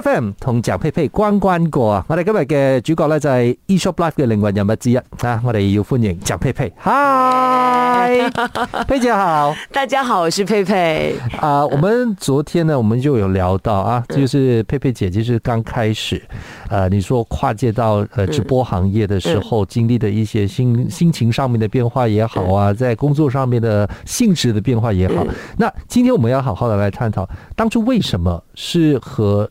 F.M. 同蔣珮珮關關過，我的給在的啊！我哋今日嘅主角咧就係 Eshop Live 嘅靈魂人物之一啊！我哋要歡迎蔣珮珮。Hi， 珮姐好，大家好，我是珮珮。啊、呃，我們昨天呢，我們就有聊到啊，就是珮珮姐，就是剛開始啊、嗯呃，你說跨界到直播行業的時候，嗯、經歷的一些心心情上面的變化也好啊，在工作上面的性質的變化也好、嗯。那今天我們要好好的來探討，當初為什麼是和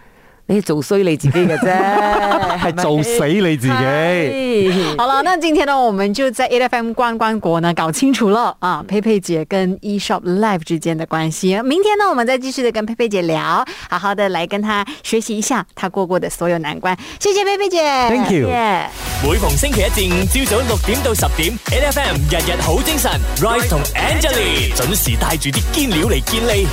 欸、做衰你自己嘅啫，係 做死你自己。 好了，那今天呢，我們就在 8FM 關關過呢，搞清楚了啊、呃！佩佩姐跟 E Shop Live 之間的關係。明天呢，我們再繼續的跟佩佩姐聊，好好的來跟她學習一下她過過的所有難關。謝謝佩佩姐，Thank you、yeah。每逢星期一至五，朝早六點到十點，8FM 日日好精神，Rise、right、同 Angelina、right、準時帶住啲堅料嚟建立。